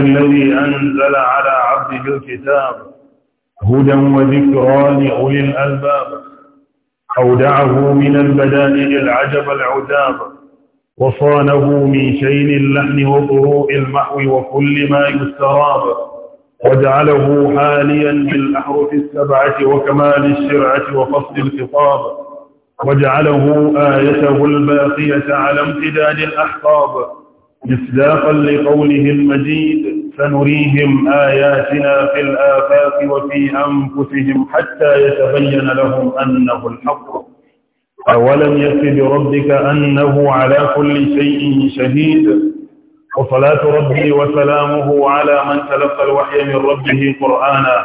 الذي أنزل على عبده الكتاب هدى وذكرى لأولي الألباب أودعه من البدائل العجب العتاب وصانه من شين اللحن وطروء المحو وكل ما يستراب وجعله حاليا بالأحرف السبعة وكمال الشرعة وفصل الخطاب وجعله آيته الباقية على امتداد الأحقاب مصداقا لقوله المجيد سنريهم آياتنا في الآفاق وفي أنفسهم حتى يتبين لهم أنه الحق أولم يكف بربك أنه على كل شيء شهيد وصلاة ربي وسلامه على من تلقى الوحي من ربه قرآنا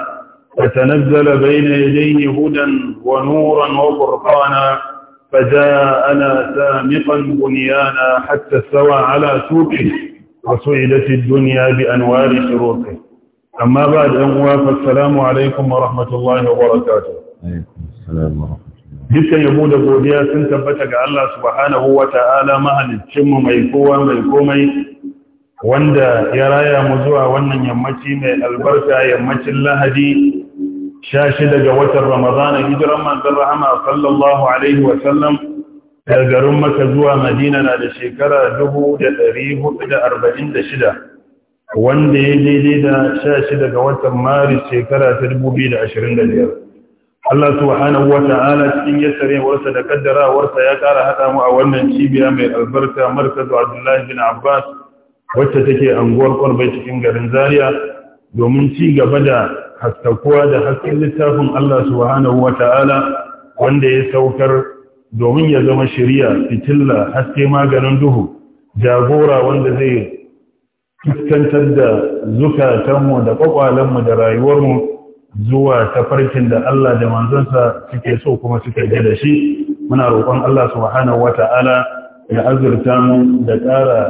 فتنزل بين يديه هدى ونورا وفرقانا فجاءنا سامقا بنيانا حتى استوى على سوقه وسعدت الدنيا بأنوار شروطه أما بعد أنواف السلام عليكم ورحمة الله وبركاته dukkan yabo da godiya sun tabbata ga Allah subhanahu wa ta'ala mahaliccinmu mai kowa mai komai wanda ya raya mu zuwa wannan yammaci mai albarka yammacin lahadi sha shida ga watan ramadana hijiran manzon rahama sallallahu alaihi daga maka zuwa madina na da shekara shida, wanda ya daidai da 16 ga watan maris shekara ta 2025 Allah subhanahu wa ta'ala cikin warsa da kaddarawarsa ya kara haɗa mu a wannan cibiya mai albarka markazu Abdullahi bin Abbas wacce take anguwar Kwarbai cikin garin Zaria domin ci gaba da haskakuwa da hasken littafin Allah subhanahu wa ta'ala wanda ya saukar domin ya zama shari'a fitilla haske maganin duhu jagora wanda zai fuskantar da zukatanmu da kwakwalenmu da rayuwarmu zuwa tafarkin da Allah da manzansa suke so kuma suke ji da shi muna roƙon Allah subhanahu wata'ala ya azurta mu da ƙara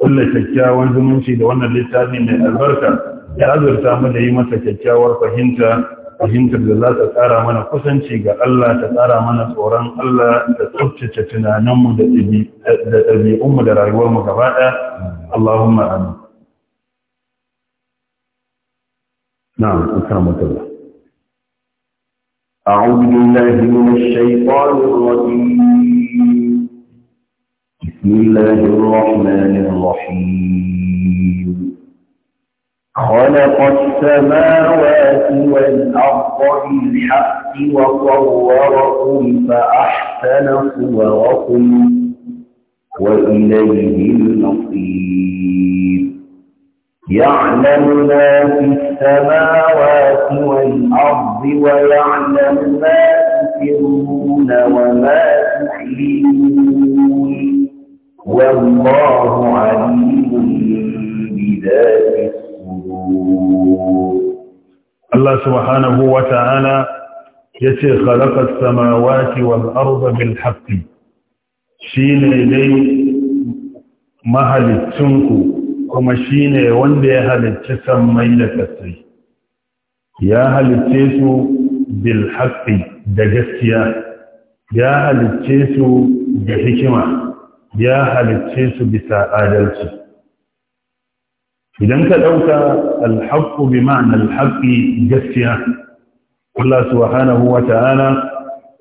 kulle kyakkyawan zumunci da wannan littafin mai albarka ya azurta mu da yi masa kyakkyawar fahimta fahimtar da za ta tsara mana kusanci ga Allah ta tsara mana tsoron Allah da tsabtace tunaninmu da ɗabi'unmu da rayuwarmu gaba ɗaya Allahumma amin na'am akramatullah أعوذ بالله من الشيطان الرجيم بسم الله الرحمن الرحيم خلق السماوات والأرض بالحق وصوركم فأحسن صوركم وإليه المصير يعلم ما في السماوات والأرض ويعلم ما تسرون وما تحيون والله عليم بذات Allah subhanahu wa ta'ala ya ce, Khalafar samawati wal arda bil haqqi shi ne dai mahalicinku kuma shi ne wanda ya halicci sammai da kasai. Ya halicce su bil da gaskiya, ya halicce su da hikima, ya halicce su bisa adalci. idan ka ɗauka alhaƙu bi ma'anar haƙi gaskiya Allah subhanahu wa ta'ala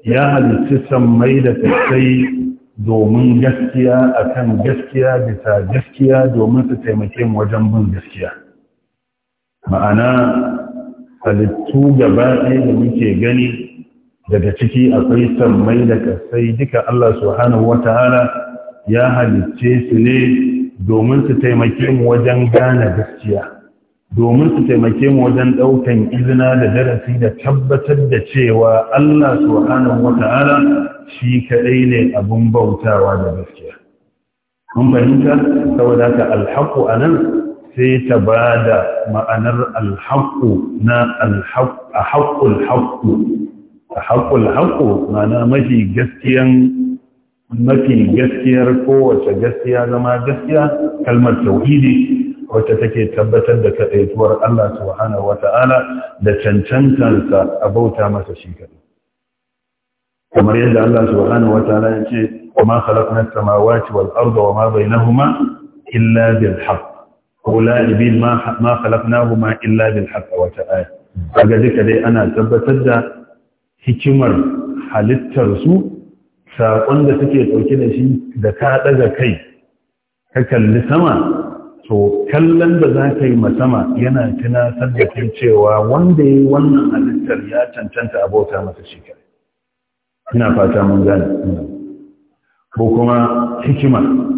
ya halitta sammai da kasai domin gaskiya akan gaskiya bisa gaskiya domin su taimake mu wajen bin gaskiya ma'ana halittu gaba ɗaya da muke gani daga ciki akwai sammai da kasai duka Allah subhanahu wa ta'ala ya halicce su ne domin su taimake mu wajen gane gaskiya domin su taimake mu wajen ɗaukan izina da darasi da tabbatar da cewa Allah subhanahu wata'ala shi kaɗai ne abun bautawa da gaskiya mun fahimta saboda ka alhaku a nan sai ta ba da ma'anar alhaku na alhaƙul haƙu a haƙul ma'ana mafi gaskiyan mafi gaskiyar kowace gaskiya zama gaskiya kalmar tauhidi wacce take tabbatar da kaɗaituwar Allah subhanahu wata'ala da cancantansa a bauta masa shi kadai kamar yadda Allah subhanahu wata'ala ya ce kuma khalaqna samawati wal arda wama bainahuma illa bil haq, qula ibil ma ma khalaqnahuma illa bil haqq wa ta'ala kaga duka dai ana tabbatar da hikimar halittar su saƙon da suke ɗauki da shi da ka ɗaga kai ka kalli sama to kallon da za ka yi sama yana tuna sadakin cewa wanda ya yi wannan halittar ya cancanta abota masa shi ina fata mun gane ko kuma hikima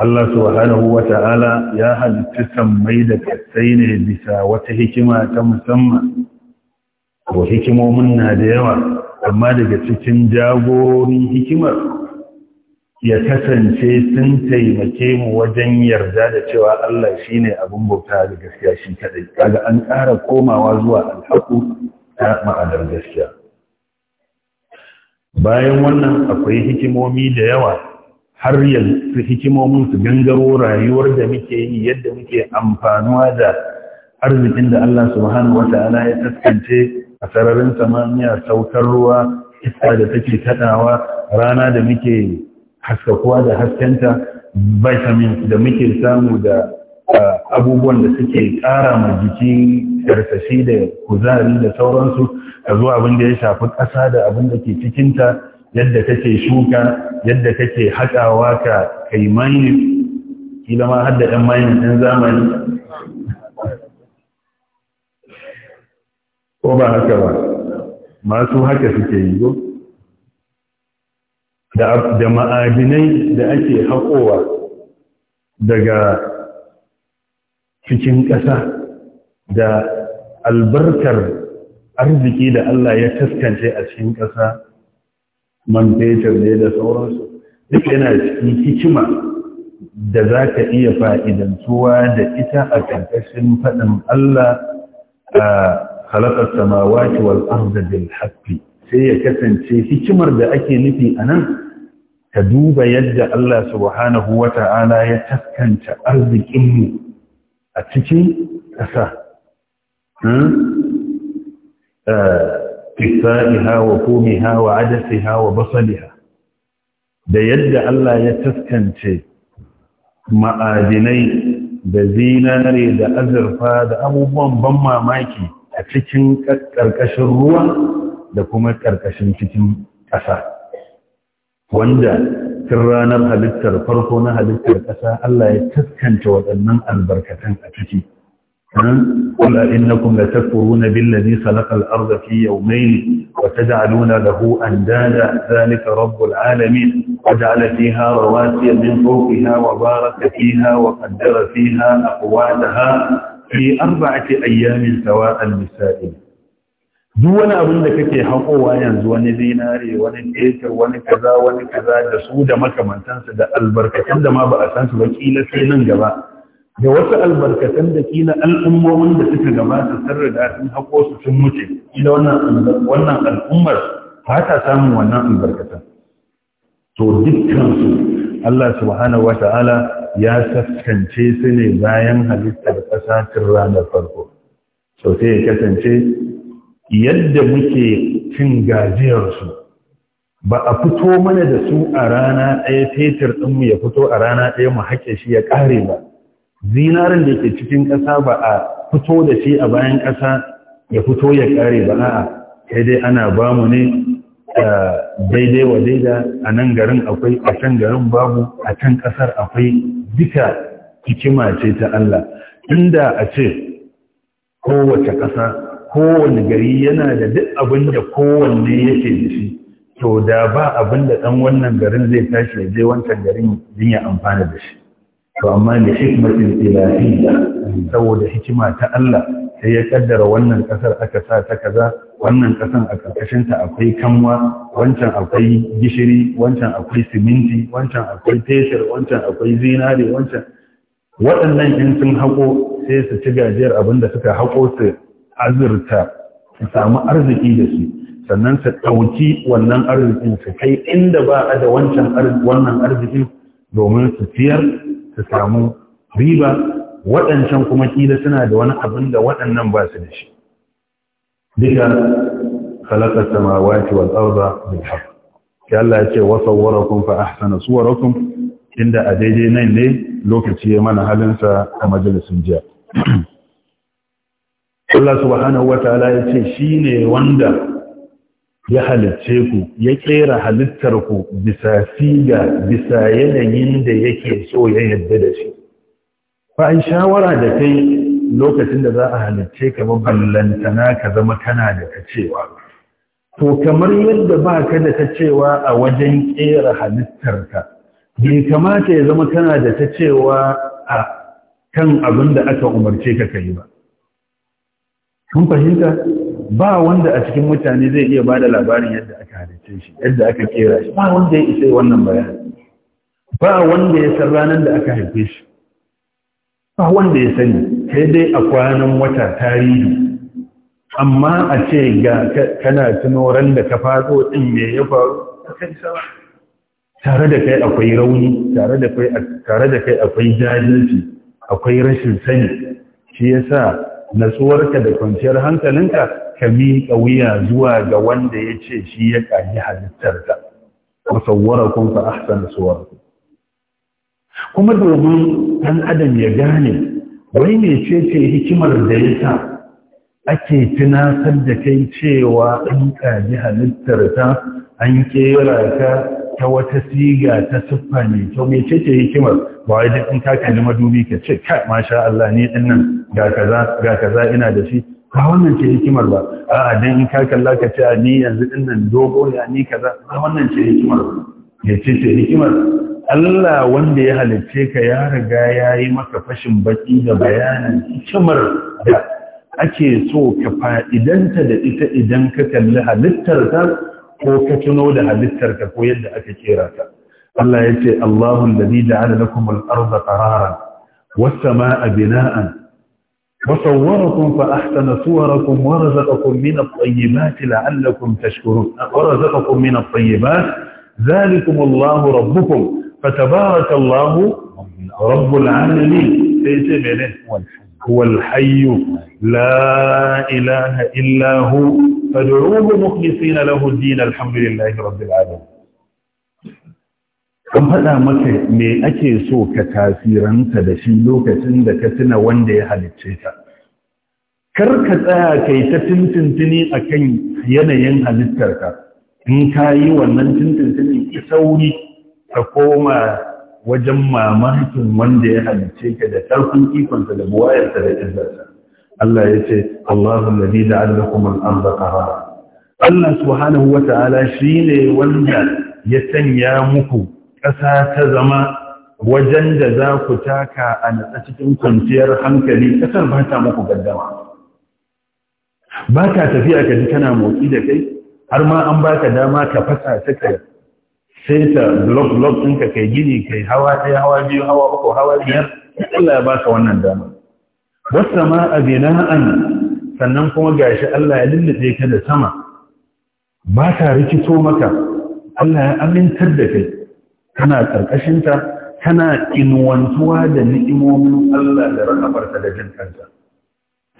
Allah subhanahu wa ta'ala ya halitta sammai da katsai ne bisa wata hikima ta musamman ko hikimomin na da yawa amma daga cikin jagorin hikimar ya kasance sun taimake mu wajen yarda da cewa Allah shi ne abin bauta da gaskiya shi kadai kaga an ƙara komawa zuwa alhaku ta ma'anar gaskiya bayan wannan akwai hikimomi da yawa har yanzu hikimomin su gangaro rayuwar da muke yi yadda muke amfanuwa da arzikin da Allah subhanahu wata'ala ya taskance a sararin samaniya saukar ruwa iska da take taɗawa rana da muke haskakuwa da haskenta vitamin da muke samu da abubuwan da suke ƙara ma jiki karsashi da kuzari da sauransu ka zuwa abin da ya shafi ƙasa da abin da ke cikinta yadda kake shuka yadda kake haƙawa ka kai mani kila ma har da ɗan mani ɗan zamani ko ba haka ba masu haka suke yi go da ma'adinai da ake haƙowa daga cikin ƙasa da albarkar arziki da Allah ya taskance a cikin ƙasa man fetur ne da sauransu duk yana cikin hikima da za ka iya fa'idantuwa da ita a ƙarƙashin faɗin Allah a halakar samawati wal arda bil haqqi sai ya kasance hikimar da ake nufi anan ka duba yadda Allah subhanahu wata'ala ya taskanta arzikin mu a cikin ƙasa ƙisa'iha wa komiha wa adasiha wa basaliha da yadda Allah ya taskance ma'adinai da zinare da azurfa da abubuwan ban mamaki a cikin ƙarƙashin ruwa da kuma ƙarƙashin cikin ƙasa wanda tun ranar halittar farko na halittar ƙasa Allah ya taskanta waɗannan albarkatan a ciki قل إنكم لتكفرون بالذي خلق الأرض في يومين وتجعلون له أندادا ذلك رب العالمين وجعل فيها رواسي من فوقها وبارك فيها وقدر فيها أقواتها fi arba'ati ayyamin sawa'al misa'il duk wani abin da kake hakowa yanzu wani zinare, wani tekar wani kaza wani kaza da su da makamantansa da albarkatun da ma ba a san su ba kila sai nan gaba da wasu albarkatun da kila al'ummomin da suka gabata sarra riga sun hako su sun mutu kila wannan al'ummar ba ta samun wannan albarkatun to dukkan su Allah subhanahu ya saskance su ne bayan halittar ƙasa tun ranar farko sau sai ya kasance yadda muke cin gajiyarsu ba a fito mana da su a rana ɗaya fetur ɗinmu ya fito a rana ɗaya mu haƙe shi ya ƙare ba zinarin da ke cikin ƙasa ba a fito da shi a bayan ƙasa ya fito ya ƙare ba a'a kai dai ana ba mu ne daidai wa daida a nan garin akwai a can garin babu a can kasar akwai duka hikima ce ta Allah inda a ce kowace ƙasa kowane gari yana da duk abin da kowanne yake da shi to da ba abin da ɗan wannan garin zai tashi ya je wancan garin din ya amfana da shi to amma da hikmatin ilahiyya saboda hikima ta Allah sai ya kaddara wannan ƙasar aka sa ta kaza wannan kasan a ƙarƙashinta akwai kanwa wancan akwai gishiri wancan akwai siminti wancan akwai teshir wancan akwai zinare wancan waɗannan in sun haƙo sai su ci gajiyar abin da suka haƙo su azurta su samu arziki da su sannan su ɗauki wannan arzikin su kai inda ba a da wancan wannan arzikin domin su ciyar su samu riba waɗancan kuma kila suna da wani abin da waɗannan ba su da shi duka khalaqa samawati wal arda bil haqq ya Allah ya ce wa sawwarakum fa ahsana suwarakum inda a daidai nan ne lokaci ya mana halin sa a majalisin jiya Allah subhanahu wataala ya ce shine wanda ya halicce ku ya kera halittar ku bisa siga bisa yanayin da yake so ya yadda da shi fa in shawara da kai lokacin da za a halitce ka ballantana ka zama kana da ta cewa to kamar yadda ba ka da ta cewa a wajen kera halittarka bai kamata ya zama kana da ta cewa a kan abin da aka umarce ka kai ba kun fahimta ba wanda a cikin mutane zai iya ba da labarin yadda aka halitce shi yadda aka kera shi ba wanda ya isa wannan bayani ba wanda ya san ranar da aka haife shi ba wanda ya sani sai dai a kwanan wata tarihi amma a ce ga kana ran da ka faɗo din me ya faru tare da kai akwai rauni tare da kai akwai jahilci akwai rashin sani shi yasa natsuwarka da kwanciyar hankalinka ka miƙa wuya zuwa ga wanda ya ce shi ya ƙaji halittarka musawwarakun fa ahsan suwarku kuma domin ɗan adam ya gane wai ne ce ce hikimar da ya sa ake tunatar da kai cewa an kaji halittar ta an kera ka ta wata siga ta siffa ne to me ce ce hikimar ba wai duk in ka kalli madubi ka ce kai masha Allah ni din nan ga kaza ga kaza ina da shi ba wannan ce hikimar ba a'a dan in ka kalla ka ce ni yanzu din nan dogo ya ni kaza ba wannan ce hikimar ba Mai ce ce hikimar Allah wanda ya halicce ka ya riga ya yi maka fashin baki da bayanin hikimar da ake so ka fa'idanta da ita idan ka kalli halittarta ko ka tuno da halittarta ko yadda aka kera ta. Allah ya ce, Allahun da ni ja'ala lakum al'arza ƙararan, wasa ma'a bina'an, fa وصوركم فأحسن صوركم ورزقكم من الطيبات لعلكم تشكرون ورزقكم من الطيبات ذلكم الله ربكم فتبارك الله رب العالمين سيتي بينه هو الحي لا إله إلا هو فادعوه مخلصين له الدين الحمد لله رب العالمين an faɗa maka me ake so ka tasiranta da shi lokacin da ka tuna wanda ya halicce ta kar ka tsaya kai ta tintintini a kan yanayin halittarka in ka yi wannan tintintini ki sauri ka koma wajen mamakin wanda ya halice ka da tarkun ikonsa da buwayarsa da izzarsa Allah ya ce Allahu alladhi ja'ala lakum al-ardha qarara Allah subhanahu wa ta'ala ne wanda ya sanya muku ƙasa ta zama wajen da za ku taka a natsa cikin kwanciyar hankali ƙasar ba ta muku gaddama ba ka tafiya ka ji kana motsi da kai har ma an baka dama ka fasa ta kai. sai ta blog blog ɗinka kai gini kai hawa ɗaya hawa biyu hawa uku hawa biyar Allah ya baka wannan dama wasu ma a bina'an sannan kuma gashi Allah ya lullube ka da sama ba ta rikito maka Allah ya amintar da kai kana ƙarƙashinta kana inuwantuwa da ni'imomin Allah da rahamarta da jin kanta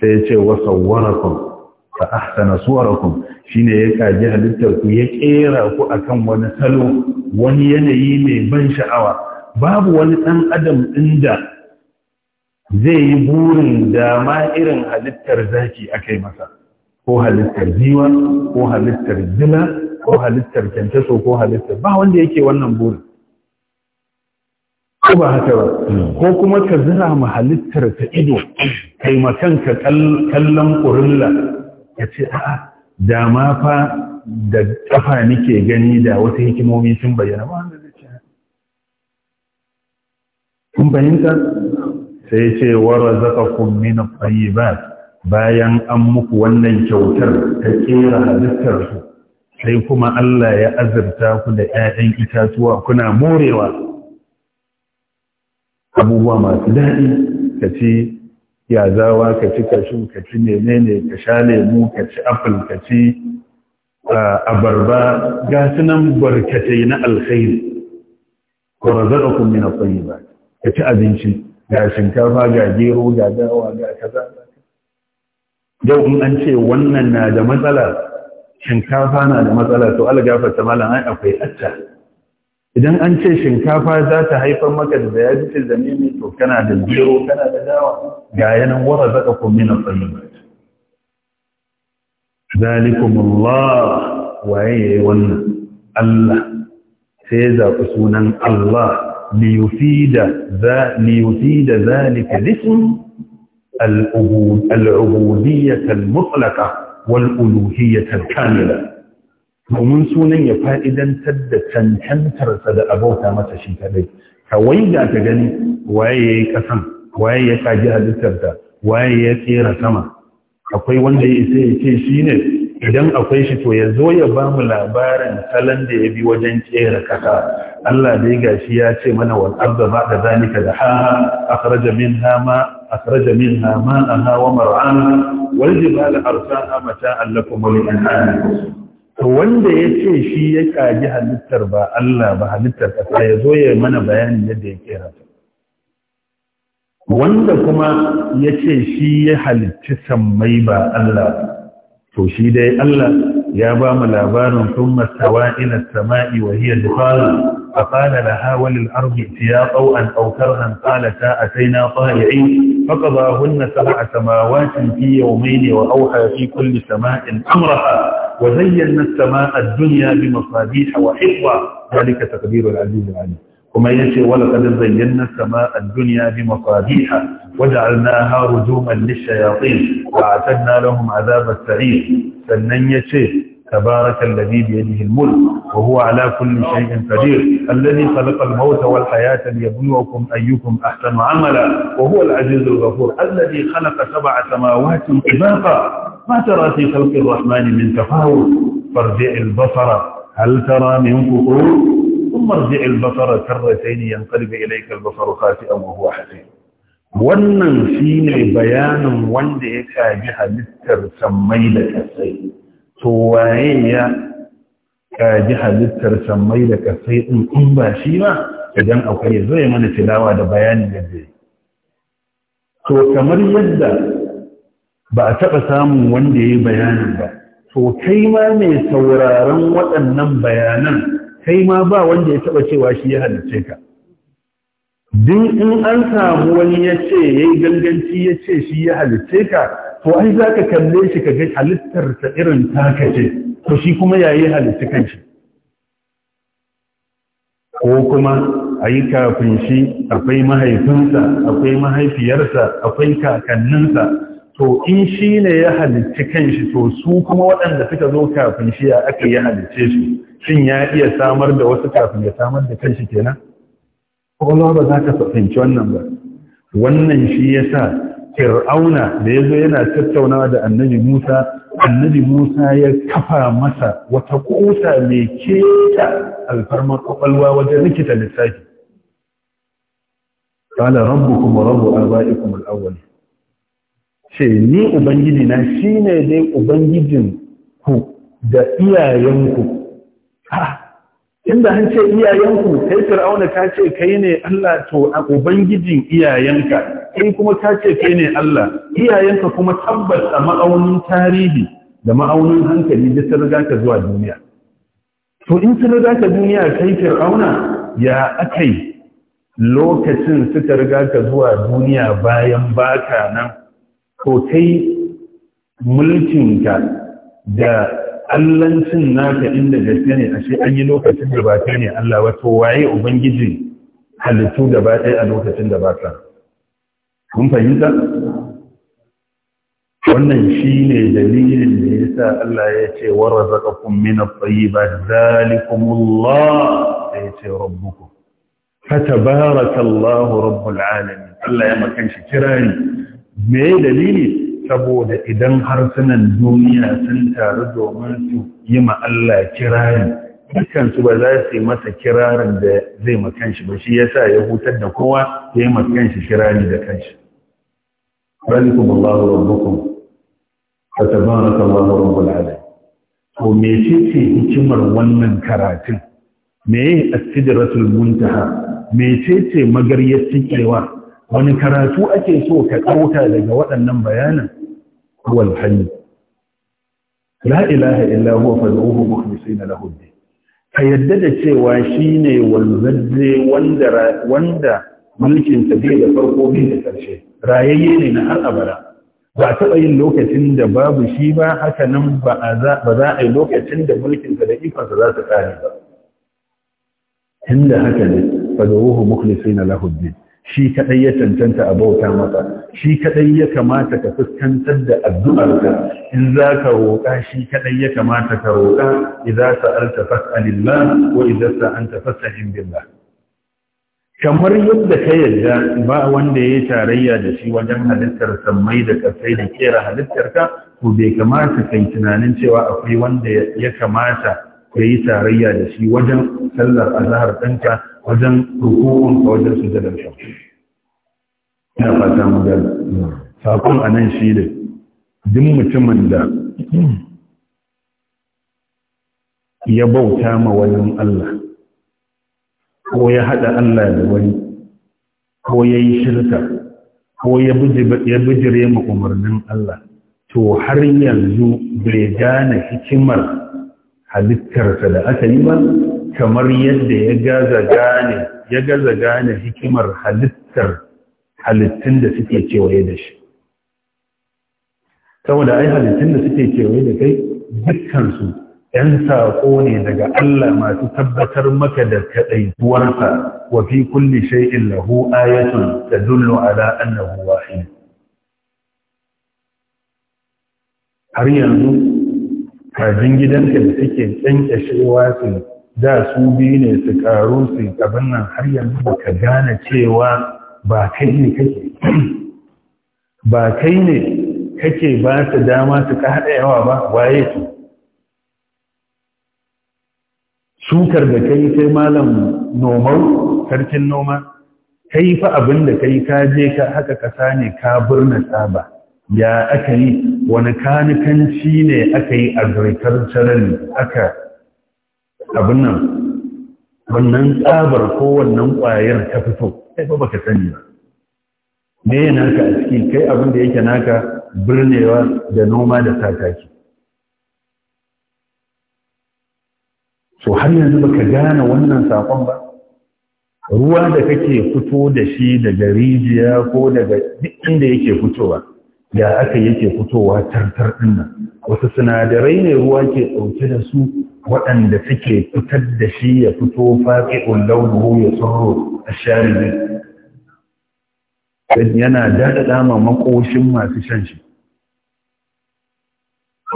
sai ya ce wasa warakun ta ahsana suwarakum shine ya kaji halittar ku ya kera ku akan wani salo wani yanayi mai ban sha'awa babu wani ɗan adam ɗin da zai yi burin da ma irin halittar zaki aka masa ko halittar jiwa ko halittar jila ko halittar kyantaso ko halittar ba wanda yake wannan burin ko ba haka ba ko kuma ka zira ma halittar ta ido kai makanka kallon kurilla ya ce a'a dama fa da kafa nike gani da wata hikimomi sun bayyana ba wanda zai ce kun fahimta sai ce wara zaka kummi na bayan an muku wannan kyautar ta kera halittar sai kuma Allah ya azurta ku da ‘ya'yan itatuwa kuna morewa abubuwa masu daɗi ka ci yazawa ka ci kashu ka ci menene ka sha lemu ka ci apple ka ci آه، أبربا قاتنا مبركتين الخير ورزقكم من الطيبات كتأذين شيء قاتن كفا قاديرو قاداوا قاكذا جو إن أنشي ونن نادا مثلا شن كافانا مثلا سؤال جافة مالا أي أفي أتا إذن أنشي شن كافا ذات هيفا مكت بيادي في الزميمي تو كنا دا ديرو كنا دا داوا قاينا ورزقكم من الطيبات ذلكم الله وعيون الله سيزا قسونا الله ليفيد, ذا ليفيد ذلك الاسم العبودية المطلقة والألوهية الكاملة ومن سنن يفائدا تد تنحن ترسد أبوتا ما تشيك لي كويدا تغني وعيك سم وعيك جهد ترسد وعيك سير akwai wanda ya isa ya ce shi ne idan akwai shi to ya zo ya ba mu labarin salon da ya bi wajen kera kasa Allah dai gashi ya ce mana wal arda ba da zalika da ha akhraja minha ma akhraja minha ma aha wa mar'aha wal jibala arsaha mata'an lakum wa To wanda ya ce shi ya kaji halittar ba Allah ba halittar kasa ya zo ya mana bayanin yadda ya kera ta wanda kuma ya ce shi ya halitta sammai ba Allah to shi dai Allah ya ba mu labarin sun mastawa ina sama'i wa hiya dukhala fa qala laha walil ardi tiya qaw'an aw karhan qalata ataina ta'i'in fa qadahunna sab'a samawatin fi yawmayn wa awha fi kulli sama'in amraha wa zayyana as-sama'a ad-dunya bi masabiha wa hifdha dhalika taqdiru al-'aziz al ومن yace ولقد زينا السماء الدنيا بمصابيح وجعلناها رجوما للشياطين واعتدنا لهم عذاب السعير wa تبارك الذي بيده الملك وهو على كل شيء قدير الذي خلق الموت والحياة ليبلوكم أيكم أحسن عملا وهو العزيز الغفور الذي خلق سبع سماوات طباقا ما ترى في خلق الرحمن من تفاوت فارجع البصر هل ترى من فطور ثم ارجع البصر كرتين ينقلب إليك البصر خاسئا وهو حسين wannan shi ne bayanin wanda ya kaji halittar sammai da kasai to waye ya kaji halittar sammai da kasai in in ba shi ba idan akwai zai mana tilawa da bayani yadda to kamar yadda ba a taɓa samun wanda ya yi bayanin ba to kai ma mai sauraron waɗannan bayanan kai ma ba wanda ya taba cewa shi ya halicce ka duk in an samu wani ya ce ya yi ganganci ya ce shi ya halicce ka to ai za ka kalle shi ka ga halittar ta irin taka ce to shi kuma ya yi kan kanshi ko kuma a yi kafin shi akwai mahaifinsa akwai mahaifiyarsa akwai kakanninsa to in shi ne ya halicci shi, to su kuma waɗanda suka zo kafin shi a aka yi halicce shi shin ya iya samar da wasu kafin ya samar da kanshi kenan kowa ba za ka fahimci wannan ba wannan shi ya sa fir'auna da ya zo yana tattaunawa da annabi musa annabi musa ya kafa masa wata ƙusa mai keta alfarmar kwakwalwa wajen rikita lissafi kala rabu kuma rabu kuma al'awali. ce ni ubangiji na shi ne dai ubangijin ku da iyayenku inda an ce iyayenku kai fir'auna ta ce kai ne Allah to a ubangijin iyayenka kai kuma ta ce kai ne Allah iyayenka kuma tabbas a ma'aunin tarihi da ma'aunin hankali da ta riga ka zuwa duniya to in sun riga ka duniya kai fir'auna ya akai lokacin suka riga ka zuwa duniya bayan baka nan to kai mulkinka da allancin naka inda gaske ne ashe an yi lokacin da ba ne Allah wato waye ubangiji halittu da ba a lokacin da ba kun fahimta wannan shi ne dalilin da ya sa Allah ya ce wa razaqakum min at-tayyibat zalikumullah ya ce rabbukum fatabarakallahu rabbul alamin Allah ya makan kirani me dalili saboda idan harsunan duniya sun taru domin su yi Allah kirari dukansu ba za su yi masa kirarin da zai makanshi ba shi sa ya hutar da kowa ya yi makanshi kirari da kanshi radikum Allahu rabbukum tabbara tabaraka Allahu rabbul alamin to me ce hikimar wannan karatun me yi asidratul muntaha mecece magaryar cikewa wani karatu ake so ka ɗauka daga waɗannan bayanan huwa al la ilaha illa huwa fad'uhu mukhlisina lahu ad ka yadda da cewa shine walzazze wanda wanda mulkin sa bai da farko bai da karshe rayayye ne na har abada ba a taɓa yin lokacin da babu shi ba haka nan ba za a yi lokacin da mulkinsa da ikonsa za su kare ba. Inda haka ne, fa da wuhu mukhlisina shi kadai ya cancanta a bauta masa shi kadai ya kamata ka fuskantar da addu'arka in za ka roƙa shi kadai ya kamata ka roƙa idza sa'alta fas'alillah wa idza sa'anta fas'alin billah kamar yadda ka yarda ba wanda ya tarayya da shi wajen halittar sammai da kasai da kera halittarka ko bai kamata kai tunanin cewa akwai wanda ya kamata ka yi tarayya da shi wajen sallar azahar ɗanka. wajen rukun a wajen sujadar shi ina fata mu da sakon a nan shi ne duk mutumin da ya bauta ma wani Allah ko ya haɗa Allah da wani ko ya yi shirka ko ya bijire ma umarnin Allah to har yanzu bai gane hikimar halittarsa da aka yi ba kamar yadda ya gaza gane ya gaza gane hikimar halittar halittun da suke kewaye da shi saboda ai halittun da suke kewaye da kai dukkansu ‘yan saƙo ne daga Allah masu tabbatar maka da kaɗaituwarsa wa fi kulli shay'in lahu ayatun tadullu ala annahu wahid har yanzu kajin gidanka da suke kyankyashewa su da su biyu ne su karu su abin nan har yanzu ba gane cewa ba kai ne kake ba kai ne kake ba su dama su ka haɗa yawa ba waye su shukar da kai sai malam nomau sarkin noma kai fa abin da kai ka je ka haka kasa ne ka birna saba ya aka yi wani kanikanci ne aka yi agricultural aka abin nan wannan tsabar ko wannan ƙwayar ta fito kai ba baka sani ba me ya naka a ciki kai abin da yake naka birnewa da noma da sataki so har yanzu baka gane wannan sakon ba ruwa da kake fito da shi daga rijiya ko daga duk inda yake fitowa ya aka yake fitowa tartar ɗinnan, nan wasu sinadarai ne ruwa ke ɗauke da su waɗanda suke fitar da shi ya fito faƙi'un launuhu ya tsoro a sharibin yana daɗaɗa ma makoshin masu shan shi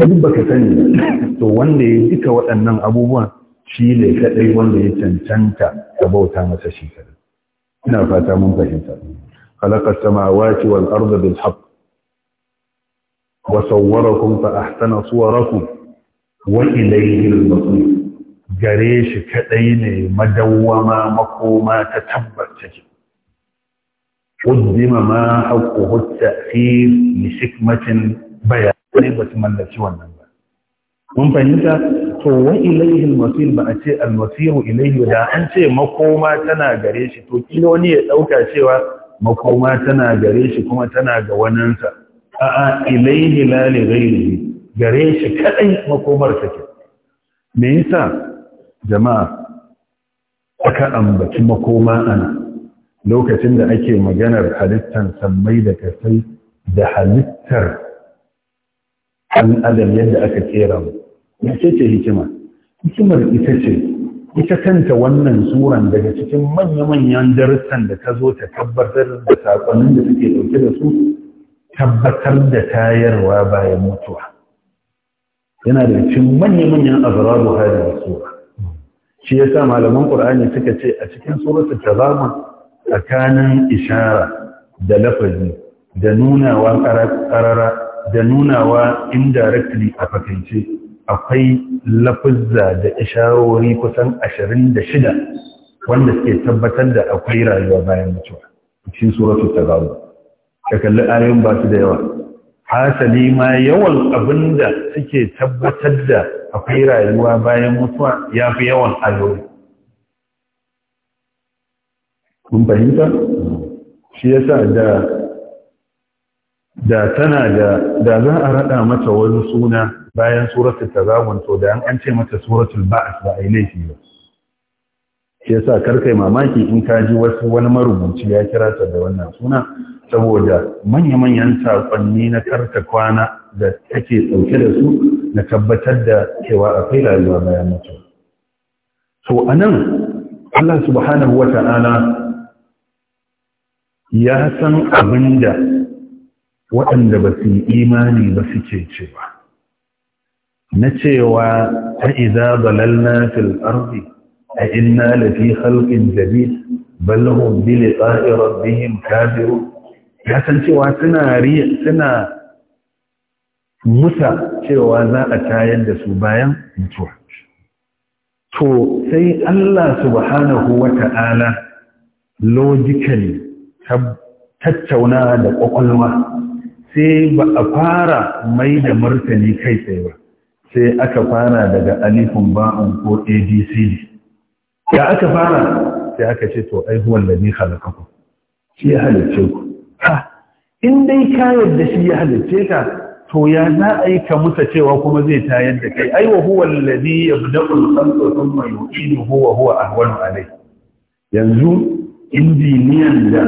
duk ka sani to wanda ya duka waɗannan abubuwan shi ne kaɗai wanda ya cancanta ka bauta masa shi kaɗai ina fata mun fahimta خلق السماوات والأرض بالحق وصوركم فأحسن صوركم وإليه المصير gare shi kadai ne madawwama makoma ta tabbata ce qaddima ma haqquhu at-ta'khir li hikmatin bayani ba su mallaci wannan ba mun fahimta to wa ilayhi al-masir ba a ce al-masir ilayhi da an ce makoma tana gare shi to kilo wani ya ɗauka cewa makoma tana gare shi kuma tana ga waninsa a'a ilaihi la li ghairihi gare shi kadai makomar take me yasa jama'a aka ambaci makoma ana lokacin da ake maganar halittar sammai da kasai da halittar an adam yadda aka kera mu ce ce hikima hikimar ita ce ita kanta wannan suran daga cikin manya-manyan darussan da ta zo ta tabbatar da saƙonin da suke ɗauke da su tabbatar da tayarwa bayan mutuwa yana da cikin manya-manyan azraru hali sura shi yasa malaman ƙur'ani suka ce a cikin ta tazama tsakanin ishara da lafazi da nunawa ƙarara, da nunawa indirectly a fakaice akwai lafuzza da isharori kusan 26 wanda suke tabbatar da akwai rayuwa bayan mutuwa cikin ta tazama ka kalli ayoyin ba su da yawa hasali ma yawan abin da suke tabbatar da akwai rayuwa bayan mutuwa ya fi yawan ayoyi kun fahimta shi sa da da tana da da za a rada mata wani suna bayan suratul tazawun to da an ce mata suratul ba'as ba yi laifi ba shi sa karkai mamaki in ka ji wasu wani marubuci ya kira ta da wannan suna saboda manya-manyan saƙonni na karta kwana da take ɗauke da su na tabbatar da cewa akwai rayuwa bayan mutu. So, a nan, Allah subhanahu wa ta'ala ya san abin da waɗanda ba su yi imani ba suke cewa. Na cewa ta iza zalalna fil arzi a inna lafi halƙin jadid bal hum bi liqa'i rabbihim kafirun ya san cewa suna riya suna musa cewa za a tayar da su bayan mutuwa to sai Allah subhanahu wa ta'ala logically tattauna da ƙwaƙwalwa sai ba a fara mai da martani kai tsaye ba sai aka fara daga alifin ba'un ko abcd ya aka fara sai aka ce to ai da ni halakaku shi ya halicce ku ha in dai ka yadda shi ya halitce ka to ya za a yi ka musa cewa kuma zai ta yadda kai ai wa huwa alladhi yabda'u al-khalqa thumma yu'iduhu wa huwa ahwanu alayh yanzu injiniyan da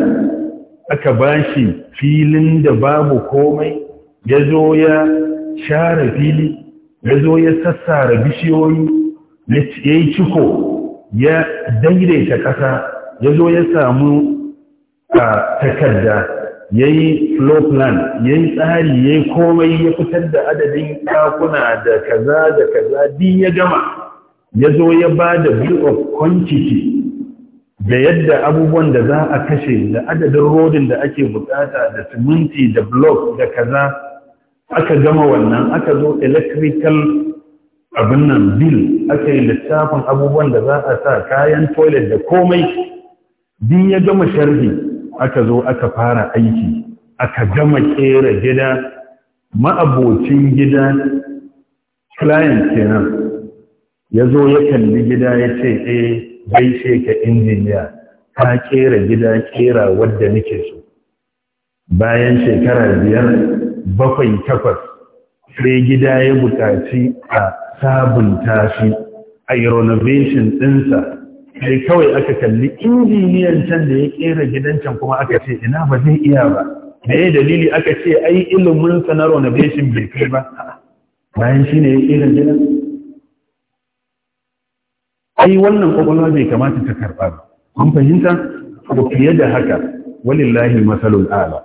aka bashi filin da babu komai ya zo ya share fili ya zo ya sassara bishiyoyi ya yi ciko ya daidaita ƙasa ya zo ya samu a takarda Yayi yi flow plan ya tsari ya komai ya fitar da adadin ɗakuna da kaza da kaza din ya gama ya zo ya ba da view of quantity da yadda abubuwan da za a kashe da adadin rodin da ake bukata da siminti da block da kaza aka gama wannan aka zo electrical abin nan bill aka yi lissafin abubuwan da za a sa kayan toilet da komai din ya gama sharhi aka zo aka fara aiki aka gama kera gida ma'abocin gida client kenan ya zo ya kalli gida ya ce eh gaishe ka injiniya ka kera gida kera wadda nake so bayan shekara biyar bakwai takwas sai gida ya buƙaci a sabunta shi a renovation ɗinsa sai kawai aka kalli injiniyan can da ya kera gidan can kuma aka ce ina ba zai iya ba da ya dalili aka ce ai ilimin sa na beshin bai kai ba bayan shi ne ya kera gidan ai wannan kwakwalwa bai kamata ta karɓa ba kun fahimta ko fiye da haka walillahi masalul ala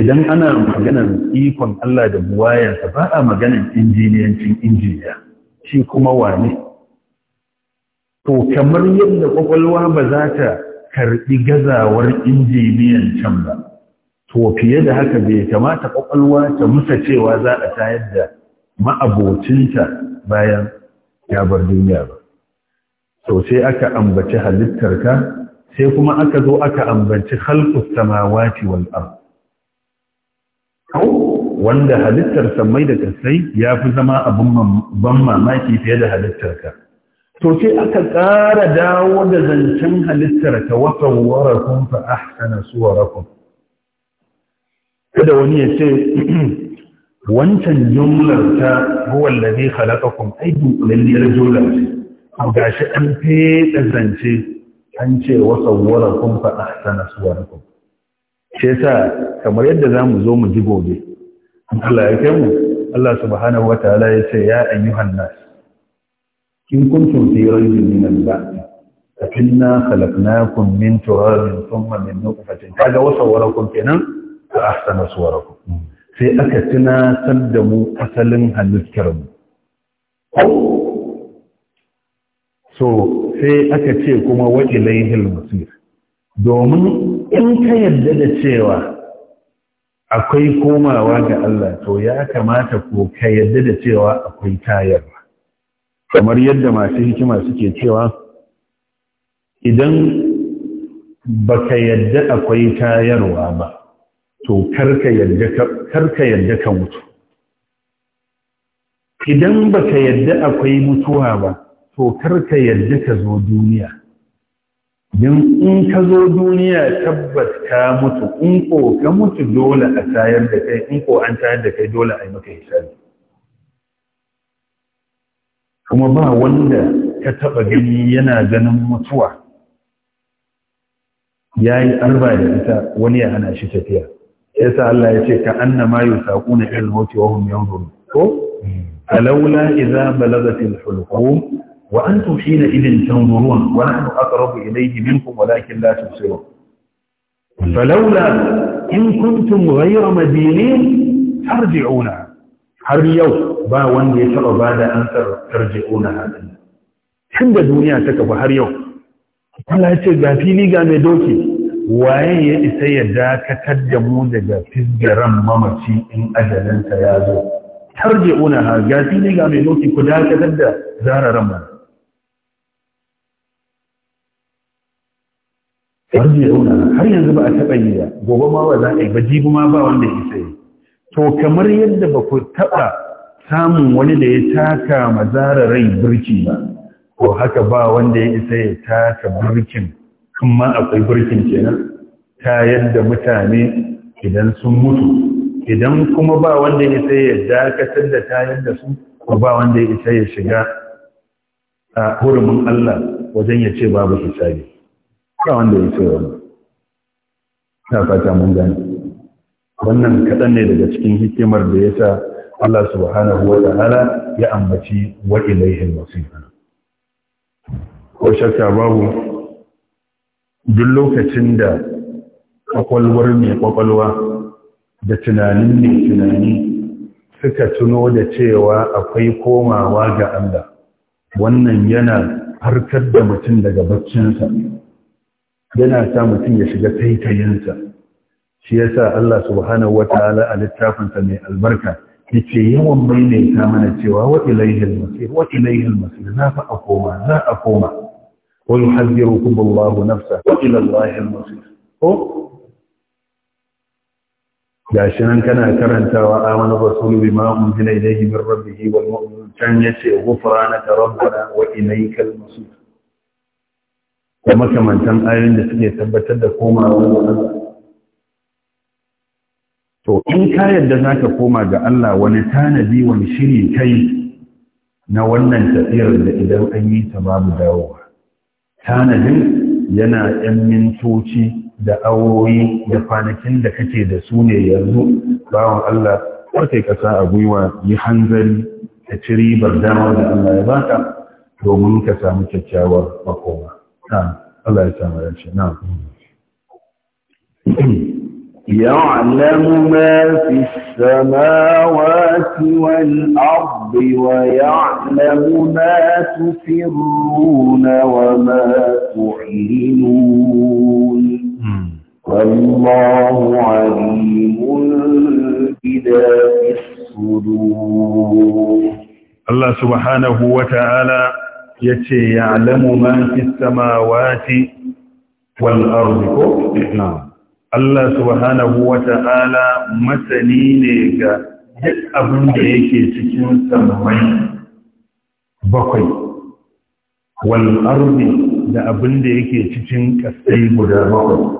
idan ana maganar ikon Allah da buwayensa ba a maganar injiniyancin injiniya shi kuma wane to kamar yadda kwakwalwa ba za ta karɓi gazawar injiniyan can ba to fiye da haka bai kamata kwakwalwa ta musa cewa za a tayar da ma'abocinta bayan ya bar duniya ba to sai aka ambaci halittarka sai kuma aka zo aka ambaci halkus samawati wal ard wanda halittar samai da kasai ya fi zama abin ban mamaki fiye da halittarka to sai aka ƙara dawo da zancen halittar ta wasawwarakun fa ahsana suwarakum kada wani ya ce wancan jumlar ta huwa allazi khalaqakum ai dunkulalliyar jumla ce gashi an feda zance an ce wasawwarakun fa ahsana suwarakum shi yasa kamar yadda za mu zo mu ji gobe Allah ya kai mu Allah subhanahu wataala ya ce ya ayyuhan nas in kuntum fi raybin min al-ba'th fa inna khalaqnakum min turabin thumma min nutfatin kaga wasawwarakum kenan fa ahsana suwarakum sai aka tunatar da mu asalin halittar mu so sai aka ce kuma wa ilaihil masir domin in ka yarda da cewa akwai komawa ga Allah to ya kamata ko ka yarda da cewa akwai tayar kamar yadda masu hikima suke cewa idan baka yadda akwai tayarwa ba to karka yadda ka mutu idan baka yadda akwai mutuwa ba to karka yadda ka zo duniya don in ka zo duniya tabbas ka mutu in ko ka mutu dole a tayar da kai in ko an tayar da kai dole a yi maka hisabi kuma ba wanda ka taba gani yana ganin mutuwa yayi arba da ita wani ya hana shi tafiya yasa Allah ya ce ka anna ma yusaquna ila al-mauti wa hum yanzurun to alawla idha balagatil hulqum wa antum hina idin tanzurun wa nahnu aqrabu ilayhi minkum walakin la tusirun falawla in kuntum ghayra madinin tarji'una har yau ba wanda ya taɓa ba da ansar tarji'una hadin tun da duniya ta kafa har yau Allah ya ce ga fili ga mai doki waye ya isa ya dakatar da mu daga fisgaran mamaci in ajalinsa ya zo tarji'una ha ga fili ga mai doki ku dakatar da zararan mu tarji'una har yanzu ba a taɓa yi ba gobe ma ba za a yi ba jibi ma ba wanda ya isa yi to kamar yadda ba ku taɓa samun wani da ya taka mazara rai birki ba ko haka ba wanda ya isa ya taka birkin kuma akwai birkin kenan ta yadda mutane idan sun mutu idan kuma ba wanda ya isa ya dakatar da tayar da su ko ba wanda ya isa ya shiga a hurumin Allah wajen ya ce babu hisabi ba wanda ya ce wani na fata mun gani wannan kaɗan ne daga cikin hikimar da ya sa Allah subhanahu wa ta'ala ya ambaci wa ilaihin masir ko shakka babu duk lokacin da kwakwalwar mai kwakwalwa da tunanin mai tunani suka tuno da cewa akwai komawa ga Allah wannan yana harkar da mutum daga baccinsa yana sa mutum ya shiga taitayinsa shi yasa Allah subhanahu ta'ala a littafinsa mai albarka yace yawan maimaita mana cewa wa ilayhi al-masir wa ilayhi al-masir za fa akoma za a koma wa yuhadhirukum Allahu nafsa wa ila Allahi al-masir ko gashi nan kana karantawa amana rasulu bima unzila ilayhi min rabbih wal mu'minun can yace ghufranaka rabbana wa ilayka al-masir da makamantan ayoyin da suke tabbatar da komawa ga Allah to in ka yadda za ka koma ga Allah wani tanadi wani shiri kai na wannan tafiyar da idan an yi ta babu dawowa tanadin yana ‘yan mintoci da awoyi da fanakin da kake da su ne yanzu bawan Allah kai kasa a gwiwa yi hanzari ka ci ribar dama da Allah ya baka domin ka samu kyakkyawar makoma. Allah ya samu Na. يعلم ما في السماوات والأرض ويعلم ما تسرون وما تعلنون والله عليم إذا في الصدور الله سبحانه وتعالى يتي يعلم ما في السماوات والأرض نعم Allah subhanahu wa ta'ala masani ne ga duk abin da yake cikin samai bakwai, wal'arbi da abin da yake cikin ƙasai guda bakwai.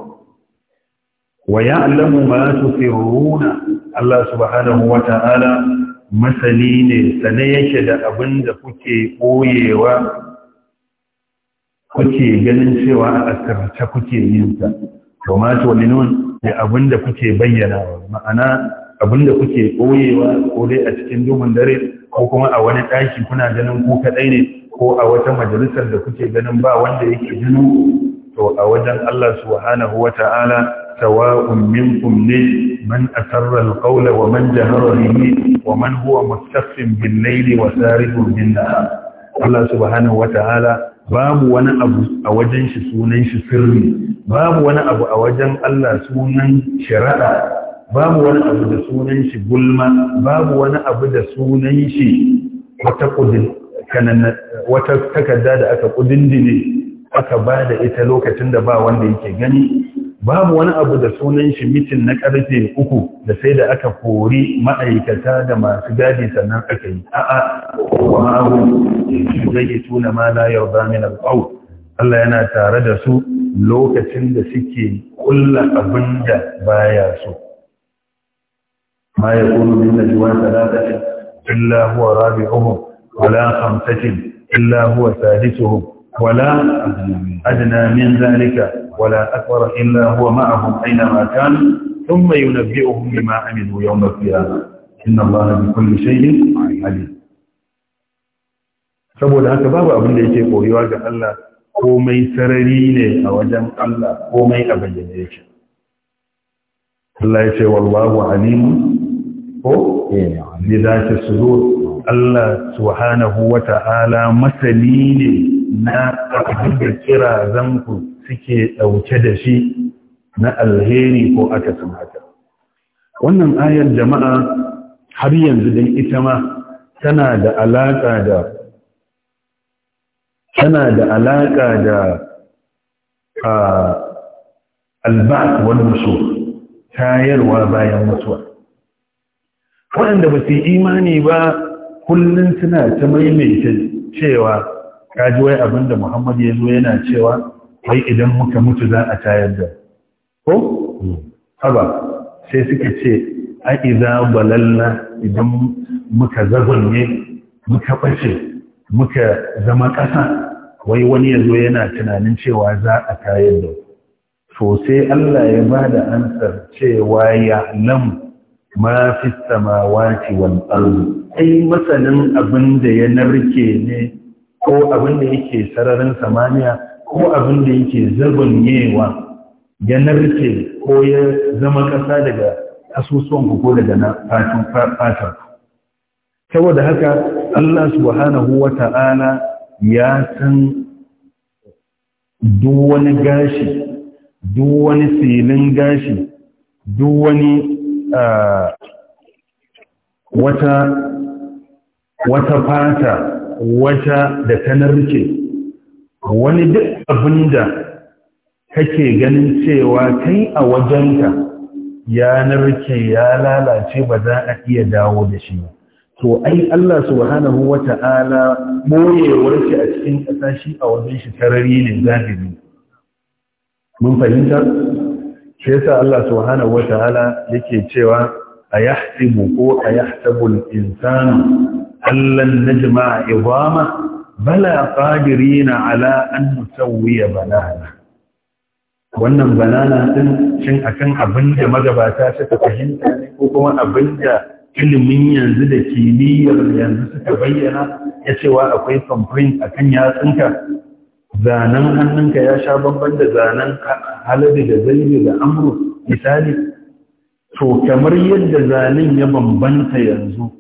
Wa ya'alamu ma su Allah subhanahu wa ta'ala masani ne sane yake da abin da kuke ɓoyewa, kuke ganin cewa a asirce kuke yinsa. to ne tuwallinun da abinda kuke bayyana ma'ana abinda kuke koyewa ko dai a cikin duhun dare ko kuma a wani ɗaki kuna ganin ku kaɗai ne ko a wata majalisar da kuke ganin ba wanda yake jinu to a wajen Allah subhanahu wa ta'ala sawa'un minkum ne man asarra alqawla wa man jahara bihi wa man huwa mustakhfin bil-layli wa sarihun bin-nahar Allah subhanahu wata'ala babu wani abu a wajen shi sunan shi sirri babu wani abu a wajen Allah sunan shari'a babu wani abu da sunan shi gulma babu wani abu da sunan shi wata kudin wata takarda da aka dine aka ba da ita lokacin da ba wanda yake gani babu wani abu da sunan shi mitin na karfe uku da sai da aka kori ma'aikata da masu gadi sannan aka yi a'a wa abu zai tuna ma la yarda min al Allah yana tare da su lokacin da suke kulla abin da baya so ma yakunu min najwa thalathatin illa huwa rabi'uhum wala khamsatin illa huwa sadisuhum ولا أدنى من ذلك ولا أكبر إلا هو معهم أينما كانوا ثم ينبئهم بما عملوا يوم القيامة إن الله بكل شيء عليم saboda haka babu abin da yake koyuwa ga Allah komai sarari ne a wajen Allah komai a bayyane yake Allah ya ce wallahu alimu ko bi zati sudur Allah subhanahu wa ta'ala masani ne na abin da zanku suke ɗauke da shi na alheri ko aka haka. Wannan ayar jama'a har yanzu don ita ma tana da alaƙa da tana da alaƙa da alba'at wani musu tayarwa bayan mutuwa. Waɗanda ba su imani ba kullum suna ta maimaita cewa kaji wai abinda Muhammad ya zo yana cewa wai idan muka mutu za a tayar da ko haba sai suka ce a iza balalla idan muka zagonye muka bace muka zama ƙasa wai wani ya zo yana tunanin cewa za a tayar da to sai Allah ya ba da ansar cewa ya lam ma fi samawati wal ardi ai masanin abin da ya narke ne ko abin da yake sararin samaniya ko abin da yake zirgin yewa ya narke ko ya zama ƙasa daga asusuwan ko daga na fatan saboda haka Allah subhanahu wa ta'ala ya san duk wani gashi duk wani silin gashi duk wani wata wata fata wata da ta narke wani duk abin da kake ganin cewa kai a wajenka ya narke ya lalace ba za a iya dawo da shi to ai Allah subhanahu wata'ala boyewar shi a cikin ƙasa shi a wajen shi tarari ne zahiri mun fahimta shi yasa Allah subhanahu wata'ala yake cewa a yahsibu ko a yahsabu al-insanu allan najma idama bala qadirina ala an nusawwiya banana wannan banana din shin akan abin da magabata suka fahimta ne ko kuma abin da ilimin yanzu da kimiyyar yanzu suka bayyana ya cewa akwai kamfain akan kan yatsunka zanen hannunka ya sha bambam da zanen halabi da zaibi da amru misali to kamar yadda zanen ya bambanta yanzu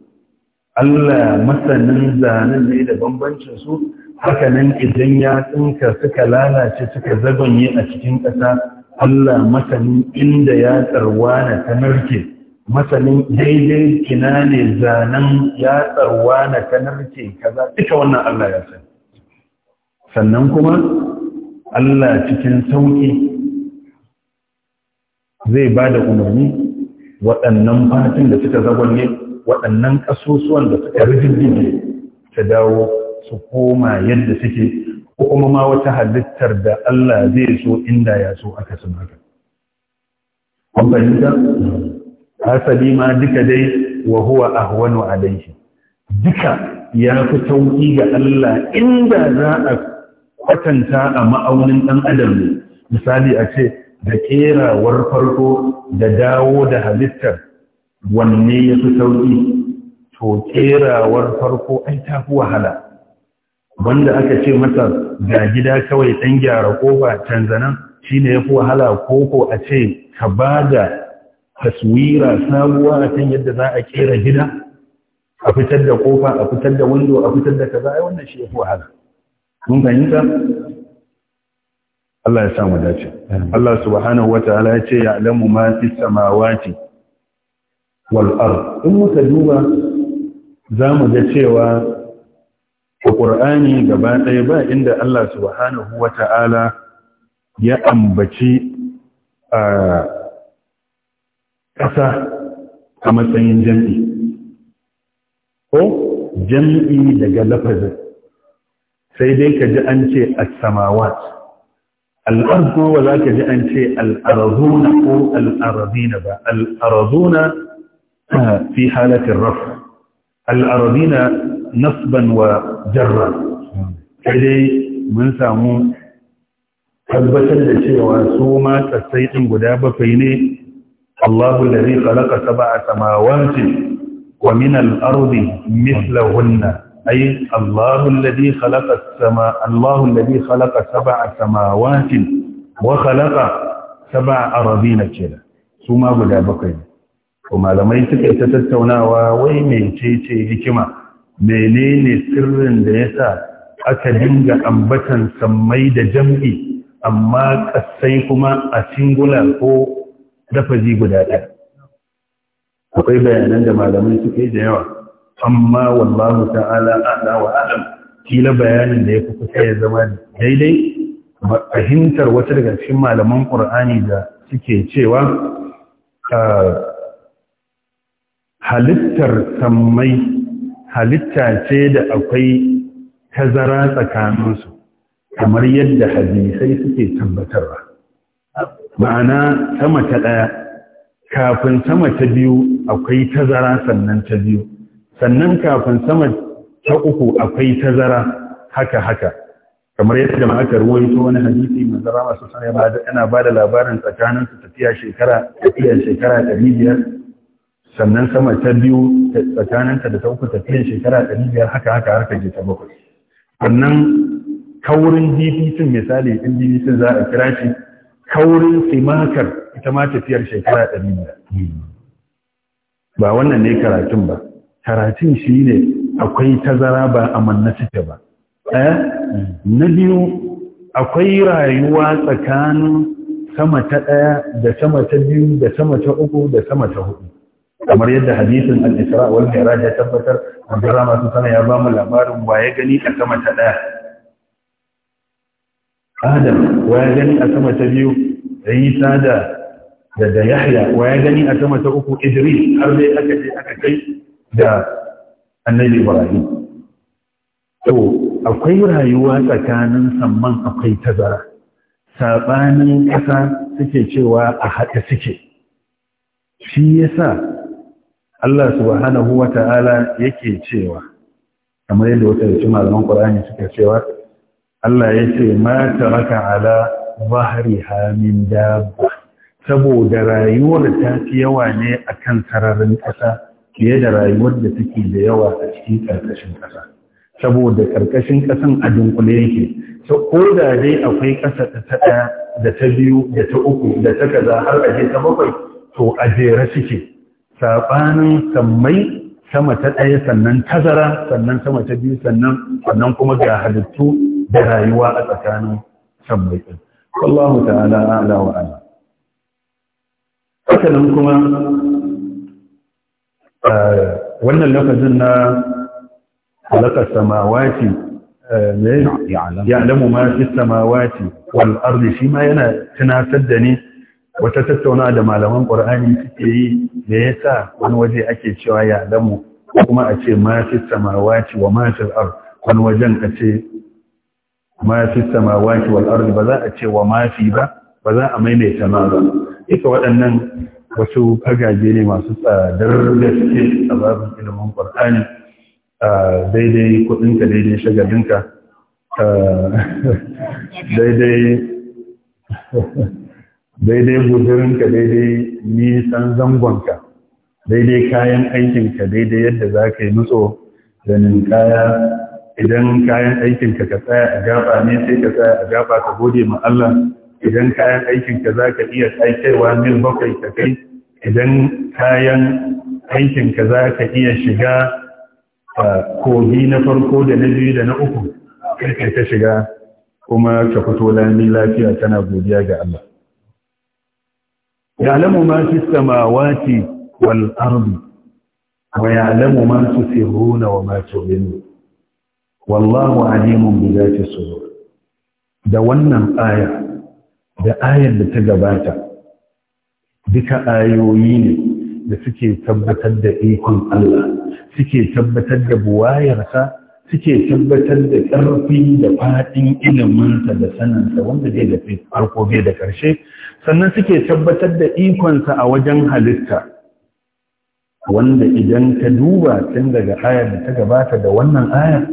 Allah masanin zanen ne da bambancin su haka nan idan ya tsinka suka lalace suka zagonye a cikin ƙasa Allah masanin inda ya tsarwana ta narke masanin daidai kina ne zanen ya na ta narke kaza duka wannan Allah ya san. sannan kuma Allah cikin sauƙi zai ba da umarni waɗannan fatin da suka zagonye waɗannan ƙasusuwan da suka rijirgije ta dawo su koma yadda suke ko kuma ma wata halittar da Allah zai so inda ya so aka sun haka. Kun Hasali ma duka dai wa huwa ahwanu alaihi. Duka ya fi tauƙi ga Allah inda za a kwatanta a ma'aunin ɗan adam ne. Misali a ce da ƙerawar farko da dawo da halittar wanne ya fi sauƙi to kerawar farko ai ta fi wahala wanda aka ce masa ga gida kawai ɗan gyara ƙofa canzanan shi ne ya fi wahala koko a ce ka ba da taswira sabuwa a can yadda za a kera gida a fitar da ƙofa a fitar da wando a fitar da kaza ai wannan shi ya fi wahala mun fahimta Allah ya sa mu dace Allah subhanahu wataala ya ce ya'lamu ma fi samawati wal'ar in muka duba za mu ga cewa a ƙur'ani gaba ɗaya ba inda Allah subhanahu wa ta'ala ya ambaci a ƙasa a matsayin jam'i ko jam'i daga lafazin sai dai ka ji an ce as-samawat al'arzu za ka ji an ce al'arazuna ko al'arazina ba alarzuna في حالة الرفع wa نصبا وجرا dai من سامو tabbatar da cewa su ma tsatsai ɗin guda bakwai ne Allahu lalzi khalaqa sab'a samawati wa min al-ardi mithlahunna ay Allahu lalzi khalaqa as-samaa Allahu lalzi khalaqa sab'a samawati su ma guda bakwai ne ko malamai suka ta tattaunawa wai mecece hikima menene sirrin da ya sa aka dinga ambatan sammai da jam'i amma kasai kuma a singular ko ji guda ɗaya akwai bayanan da malamai suka yi da yawa amma wallahu ta'ala ala wa adam kila bayanin da ya fi kusa ya zama daidai fahimtar wata daga cikin malaman ƙur'ani da suke cewa ah, halittar sammai halitta ce da akwai tazara tsakaninsu kamar yadda hadisai suke tabbatarwa ma'ana sama ta ɗaya kafin sama ta biyu akwai tazara sannan ta biyu sannan kafin sama ta uku akwai tazara haka haka kamar yadda ma aka ruwaito wani hadisi mai zara masu sanya yana ba da labarin tsakaninsu tafiya shekara tafiya shekara 500 sannan sama ta biyu tsakaninta da ta uku ta fiye shekara ɗari biyar haka haka har ka je ta bakwai sannan kaurin dpc misali in dpc za a kira shi kaurin simakar ita ma tafiyar shekara ɗari biyar ba wannan ne karatun ba karatun shi ne akwai tazara ba a mannacike ba eh? na biyu akwai rayuwa tsakanin sama ta ɗaya da sama ta biyu da sama ta uku da sama ta hudu kamar yadda hadisin al-isra wal mi'raj ya tabbatar manzara masu sana ya ba mu labarin wa ya gani a sama ta ɗaya adam wa ya gani a sama ta biyu isa da da yahya wa ya gani a sama ta uku idris har dai aka je aka kai da annabi ibrahim to akwai rayuwa tsakanin samman akwai tazara saɓanin ƙasa suke cewa a haɗe suke shi yasa Allah subhanahu wa ta'ala yake cewa kamar yadda wata yake malaman Qur'ani suka cewa Allah ya ce mata taraka ala zahriha min dabba saboda rayuwar ta fi yawa ne akan sararin ƙasa fiye da rayuwar da take da yawa a cikin ƙarƙashin ƙasa saboda karkashin ƙasan a dunkule yake ko da dai akwai ƙasa ta ɗaya da ta biyu da ta uku da ta kaza har aje ta bakwai to a jere suke sabani sammai sama ta daya sannan tazara sannan sama ta biyu sannan sannan kuma ga halittu da rayuwa a tsakanin sammai ɗin. Wallahu ta'ala ala wa ala. nan kuma wannan lafazin na halaka samawati ya lamu ma fi samawati wal ardi shi ma yana tunatar da ni wata tattauna da malaman Qur'ani suke yi me sa wani waje ake cewa ya damu? kuma a ce ma fi wa ma fi al wani wajen a ce ma fi samawati wal ard ba za a ce wa ma ba ba za a maimaita ma ba ita waɗannan wasu fagage ne masu tsadar gaske a babin ilimin Qur'ani daidai kuɗinka daidai shagalinka daidai daidai guzurinka daidai nisan zangonka daidai kayan aikinka daidai yadda za ka yi nutso da ninkaya idan kayan aikinka ka tsaya a gaba ne sai ka tsaya a gaba ka gode ma Allah idan kayan aikinka za ka iya aikaiwa mil bakwai ka kai idan kayan aikinka za ka iya shiga kogi na farko da na biyu da na uku kai ka shiga kuma ka fito lami lafiya tana godiya ga Allah ya'lamu ma fi samawati wal ardi wa ya'lamu masu tusirruna wa ma tu'linu wallahu alimun bi zati sudur da wannan aya da ayar da ta gabata duka ayoyi ne da suke tabbatar da ikon Allah suke tabbatar da buwayarsa suke tabbatar da ƙarfi da faɗin iliminsa da saninsa wanda zai da farko bai da ƙarshe sannan suke tabbatar da ikonsa a wajen halitta wanda idan ka duba tun daga ayar da ta gabata da wannan ayar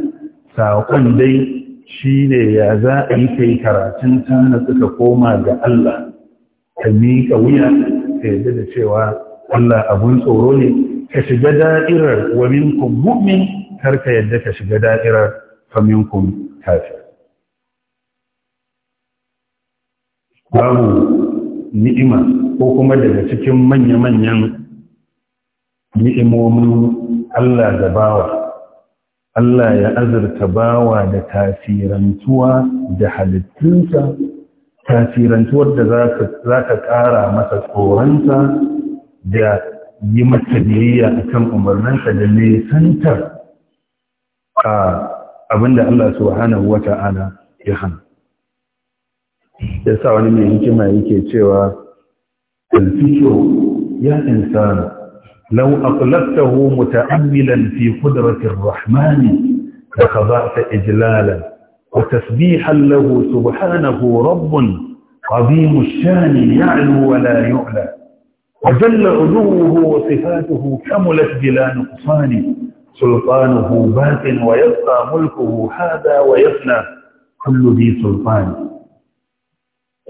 saƙon dai shi ne ya za a yi kai karatun tana suka koma ga Allah ka miƙa wuya ta yadda da cewa Allah abun tsoro ne ka shiga da'irar wa minkum karka yadda ka shiga da'irar faminkum kafin. babu ni'ima ko kuma daga cikin manya-manyan ni'imomin Allah da bawa Allah ya azurta bawa da tasirantuwa da halittunsa tasirantuwar da za ka ƙara masa tsoronsa da yi mata biyayya a kan umarninsa da nesantar abinda Allah subhanahu wa ta'ala ya hana yasa wani mai hikima yake cewa alfikru ya insanu law aqlabtahu muta'ammilan fi qudratir rahmani لخضعت إجلالا وتسبيحا له سبحانه رب عظيم الشان يعلو ولا يعلى وجل علوه وصفاته كملت بلا نقصان سلطانه باق ويبقى ملكه هذا ويفنى كل ذي سلطان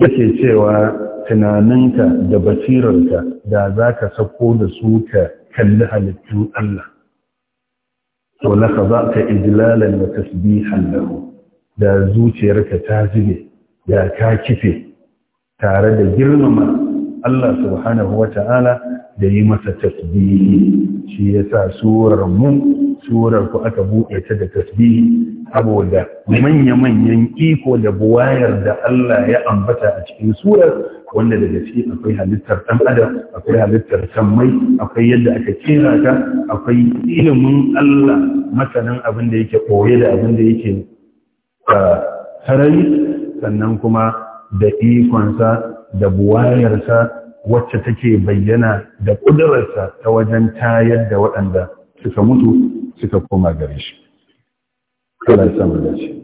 yake cewa tunaninka da basirarka da za ka sako da su ka kalli halittun Allah to laka za ka ijlalan wa tasbihan lahu da zuciyarka ta zube da ka kife tare da girmama Allah subhanahu wa ta'ala da yi masa tasbihi shi yasa surar mu surar ku aka buɗe ta da tasbihi saboda manya-manyan iko da buwayar da Allah ya ambata a cikin surar wanda daga ciki akwai halittar ɗan adam akwai halittar sammai akwai yadda aka kera ta akwai ilimin Allah masanin abin da yake koye da abin da yake ah, sarari sannan kuma da ikonsa da buwayarsa wacce take bayyana da ƙudurarsa ta wajen tayar da waɗanda suka mutu suka koma gare shi. Allah ya samu da shi.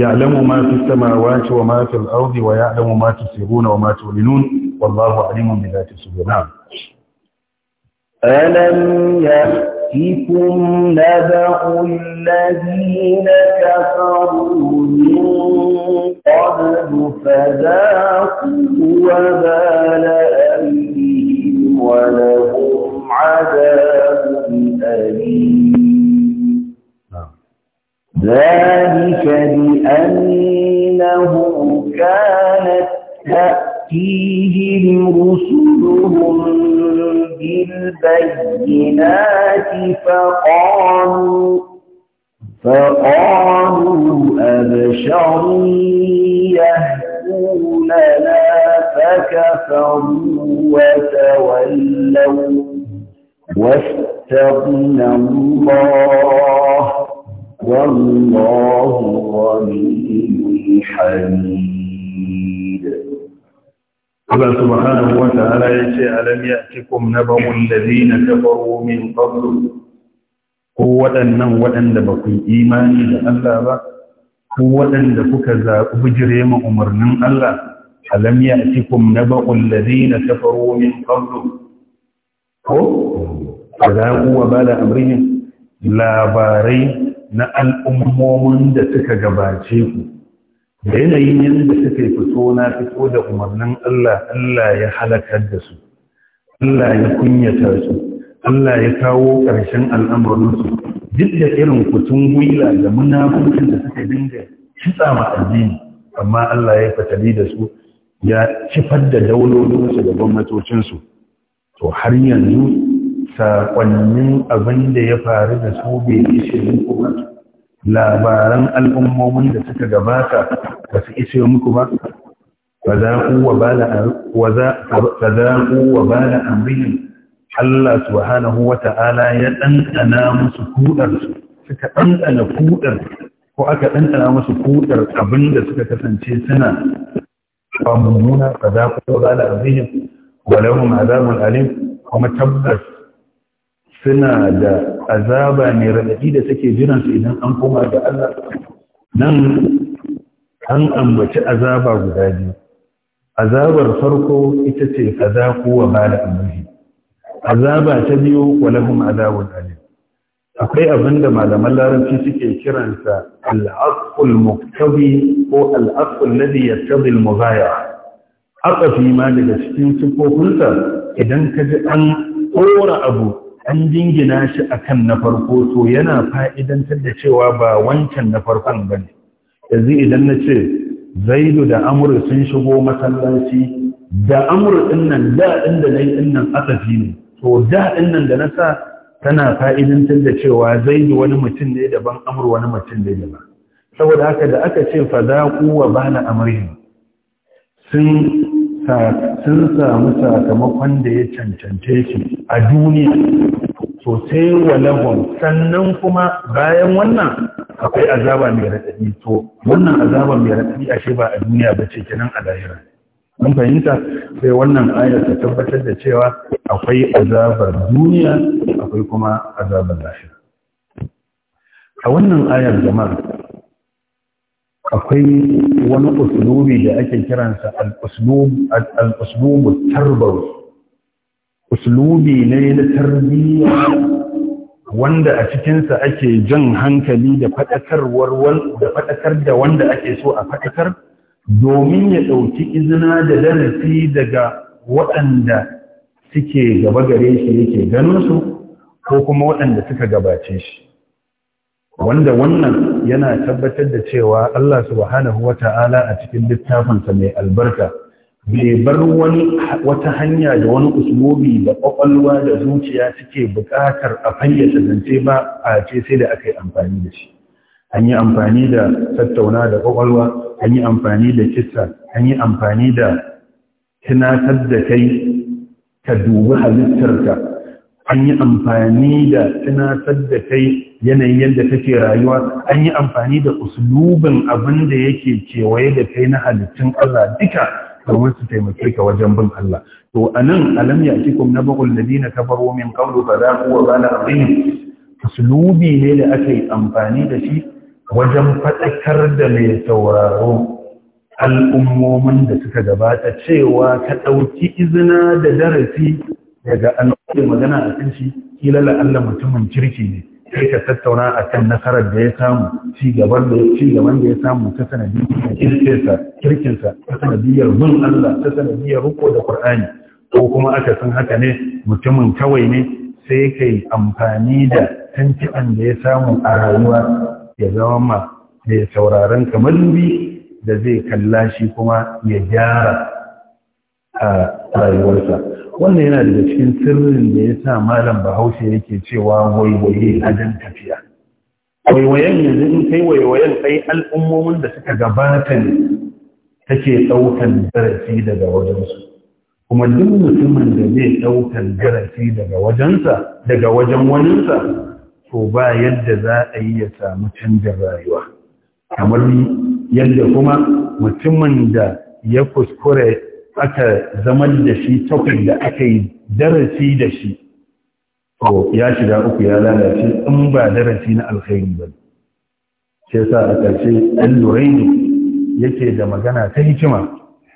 Ya'lamu ma fi samawati wa ma fi al-ardi wa ya'lamu ma tusirruna wa ma tulinun wallahu alimun bi dhati sudur. Alam ya يأتكم نبأ الذين كفروا من قبل فذاقوا وبال أمرهم ولهم عذاب أليم ذلك بأنه كانت تأتي تأتيهم رسلهم بالبينات فقالوا فقالوا أبشر يهدوننا فكفروا وتولوا واستغنى الله والله غني حميد Allah subhanahu wa ta'ala ya ce alam ya'tikum naba'ul ladina kafaru min qabl ko waɗannan waɗanda ba ku imani da Allah ba ko waɗanda kuka zaɓi bijire ma umarnin Allah alam ya'tikum naba'ul ladina kafaru min qabl ko fadaku kuwa bala amrihim labarai na al'ummomin da suka gabace ku da yanayin yadda suke fito na fito da umarnin Allah Allah ya halakar da su Allah ya kunyata su Allah ya kawo ƙarshen al'amuransu duk da irin kutun gwila da munafuncin da suka dinga kitsa ma addini amma Allah ya fatali da su ya cifar da daulolinsu da gwamnatocinsu to har yanzu saƙonnin abin da ya faru da su bai ishe ko ba labaran al'ummomin da suka gabata ba su ishe muku ba fa zaƙu wa bala amrin Allah subhanahu wa ta'ala ya ɗanɗana musu kuɗarsu suka ɗanɗana kuɗar ko aka ɗanɗana musu kuɗar abin da suka kasance suna ba mummuna fa zaƙu wa bala amrin wa lahum azabun alim kuma tabbas suna da azaba mai raɗaɗi da take jiransu idan an koma da Allah nan an ambaci azaba guda biyu azabar farko ita ce kaza kuwa ba da azaba ta biyu walahum azabun alim akwai abin da malaman larabci suke kiransa al'aqul muktabi ko al'aqul ladhi yattabi al-mughayya aqafi ma daga cikin sifofinsa idan ka ji an kora abu an jingina shi a kan na farko to yana fa'idantar da cewa ba wancan na farkon ba ne yanzu idan na ce zaidu da amur sun shigo masallaci da amur nan da da na yi ɗin nan asafi ne to da nan da na sa tana fa'idantar da cewa zaidu wani mutum ne daban amur wani mutum ne daban saboda haka da aka ce fa za kuwa ba na amurhin sun sun samu sakamakon da ya cancance shi a duniya sosai walahun sannan kuma bayan wannan akwai azaba mai raɗaɗi to wannan azaba mai raɗaɗi ashe ba a duniya ba ce kenan a lahira mun fahimta sai wannan ayar ta tabbatar da cewa akwai azabar duniya akwai kuma azabar lahira a wannan ayar jama'a akwai wani uslubi da ake kiransa al-uslubu tarbawi uslubi ne na tarbiyya wanda a cikinsa ake jan hankali da faɗakar da wanda ake so a faɗakar domin ya ɗauki izina da darasi daga waɗanda suke gaba gare shi yake ganin su ko kuma waɗanda suka gabace shi wanda wannan yana tabbatar da cewa Allah subhanahu wa ta'ala a cikin littafinsa mai albarka bai bar wani wata hanya da wani usmobi da ƙwaƙwalwa da zuciya suke buƙatar a fayyace zance ba a ce sai da aka yi amfani da shi an yi amfani da tattauna da kwakwalwa an yi amfani da kissa an yi amfani da tunatar da kai ka dubi halittarka an yi amfani da tunatar da kai yanayin yadda take rayuwa an yi amfani da uslubin abin da yake kewaye da kai na halittun Allah duka domin su taimake ka wajen bin Allah to anan alam ya'tikum nabul ladina kafaru min qablu fa zaqu wa bala azim uslubi ne da aka yi amfani da shi wajen faɗakar da mai sauraro al'ummomin da suka gabata cewa ka ɗauki izina da darasi daga annabi magana a kan shi kila Allah mutumin kirki ne sai ka tattauna a kan nasarar da ya samu ci gaban da ci gaban da ya samu ta sanadiyar kirkinsa kirkinsa ta sanadiyar bin Allah ta sanadiyar riko da Qur'ani ko kuma aka san haka ne mutumin kawai ne sai kai amfani da tantiban da ya samu a rayuwa ya zama ma da sauraron kamar da zai kalla shi kuma ya gyara a rayuwarsa wannan yana daga cikin sirrin da ya sa malam bahaushe yake cewa waiwaye adan tafiya waiwayen yanzu in kai waiwayen kai al'ummomin da suka gabata ne take ɗaukan darasi daga wajensu kuma duk mutumin da zai ɗaukan darasi daga wajensa daga wajen waninsa to ba yadda za a yi ya samu canjin rayuwa kamar yadda kuma mutumin da ya kuskure aka zaman da shi takwai da aka yi darasi da shi to ya shiga uku ya lalace in ba darasi na alkhairi ba sai sa a ƙarshe ɗan luraini yake da magana ta hikima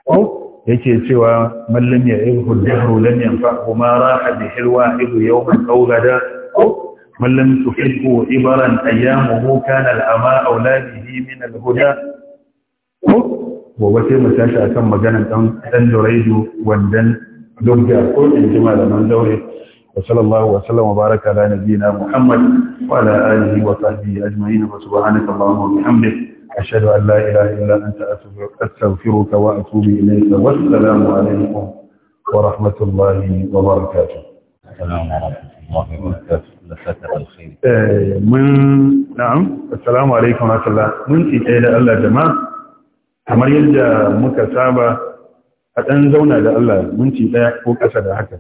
ko yake cewa mallam ya yi hujjaru lam yanfa kuma raha bi hilwa ibu yawman qawlada ko mallam tuhibbu ibaran Ayyamu kana al-ama awladihi min al-huda gobe sai mu tashi akan maganar dan dan duraidu wandan dubga ko in ji malaman daure wa sallallahu wa sallam wa baraka ala nabiyyina muhammad wa ala alihi wa sahbihi ajma'in wa subhanaka allahumma wa bihamdik ashhadu an la ilaha illa anta astaghfiruka wa atubu ilayka wa assalamu alaykum wa rahmatullahi wa barakatuh السلام عليكم ورحمة الله وبركاته لفتح الخير من نعم السلام عليكم ورحمة الله من إيه الله جماعة kamar yadda muka saba a ɗan zauna da Allah minti ɗaya ko ƙasa da haka.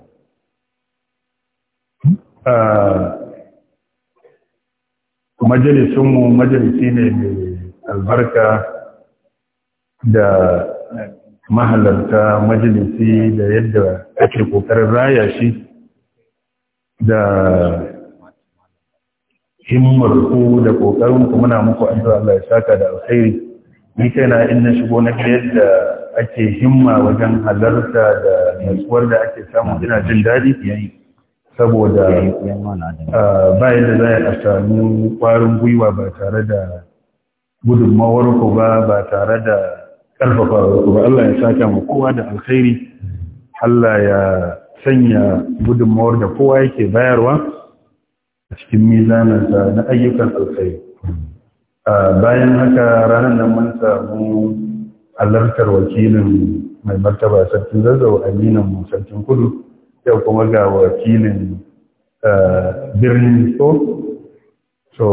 Majalisunmu majalisi ne mai albarka da mahalarta majalisi da yadda ake ƙoƙarin raya shi da himmar ku da ƙoƙarinku muna muku addu'a Allah ya saka da alkhairi. ni kaina in na shigo na yadda ake himma wajen halarta da nutsuwar da ake samu ina jin daɗi saboda bayan da za a samu ƙwarin gwiwa ba tare da gudunmawar ku ba ba tare da ƙarfafa ku ba Allah ya saka mu kowa da alkhairi Allah ya sanya gudunmawar da kowa yake bayarwa a cikin mizanansa na ayyukan alkhairi bayan haka ranar nan mun samu alartar wakilin mai martaba sarkin zazzau aminin mu sarkin kudu yau kuma ga wakilin birnin so so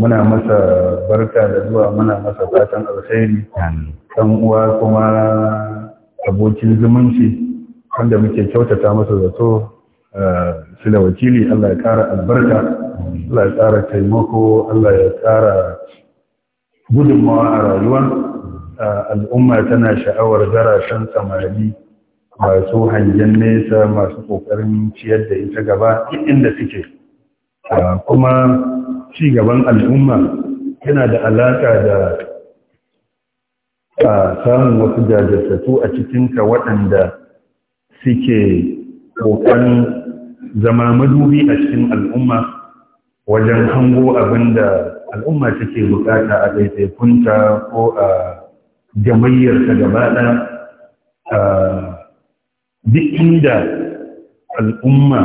muna masa barka da zuwa muna masa fatan alkhairi kan uwa kuma abokin zumunci wanda muke kyautata masa zato su da wakili Allah ya kara albarka Allah ya kara taimako Allah ya kara. gudunmawa a rayuwa al'umma tana sha'awar shan samari masu hangen nesa masu ƙoƙarin ciyar da ita gaba inda suke kuma ci gaban al'umma yana da alaƙa da samun wasu jajirtattu a cikinka waɗanda suke ƙoƙarin zama madubi a cikin al'umma wajen hango abin da al'umma take bukata a daidaikunta ko a jamayyarta gaba a duk inda al'umma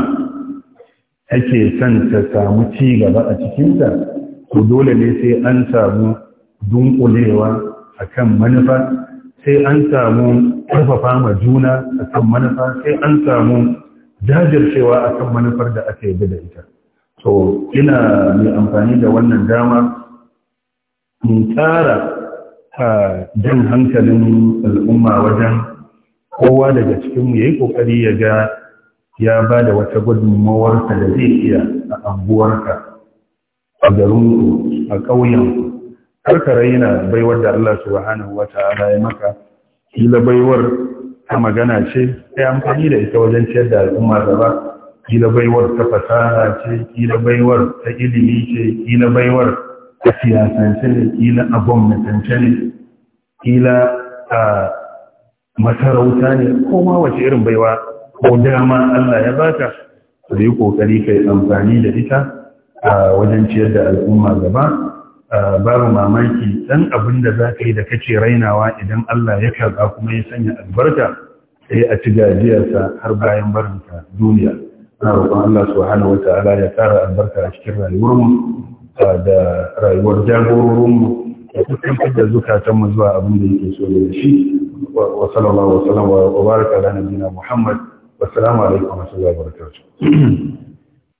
take son ta samu ci gaba a cikinta to dole ne sai an samu dunkulewa a kan manufa sai an samu ƙarfafa ma juna a kan manufa sai an samu jajircewa a kan manufar da aka yi da ita to ina mai amfani da wannan dama in tsara jan hankalin al'umma wajen kowa daga cikinmu ya yi ƙoƙari ya ga ya ba da wata gudunmawarsa da zai iya a abuwarka a garinku a ƙauyenku har ka baiwar da Allah subhanahu wa ta'ala ya maka kila baiwar ta magana ce sai amfani da ita wajen ciyar da al'umma gaba kila baiwar ta fasaha ce kila baiwar ta ilimi ce kila baiwar ta siyasance ne kila a gwamnatance ne kila a masarauta ne ko ma wace irin baiwa ko dama Allah ya baka su yi kokari kai amfani da ita a wajen ciyar da al'umma gaba babu mamaki dan abin da za ka yi da kake rainawa idan Allah ya karɓa kuma ya sanya albarka sai a ci gajiyarsa har bayan barinka duniya Ana roƙon Allah subhanahu wata'ala ya tara albarka a cikin rayuwarmu da rayuwar jagororinmu da kusantar da zukatanmu zuwa abin da yake so da shi wa sallallahu wa sallam wa baraka ala nabiyina Muhammad wassalamu alaikum wa rahmatullahi wa barakatuh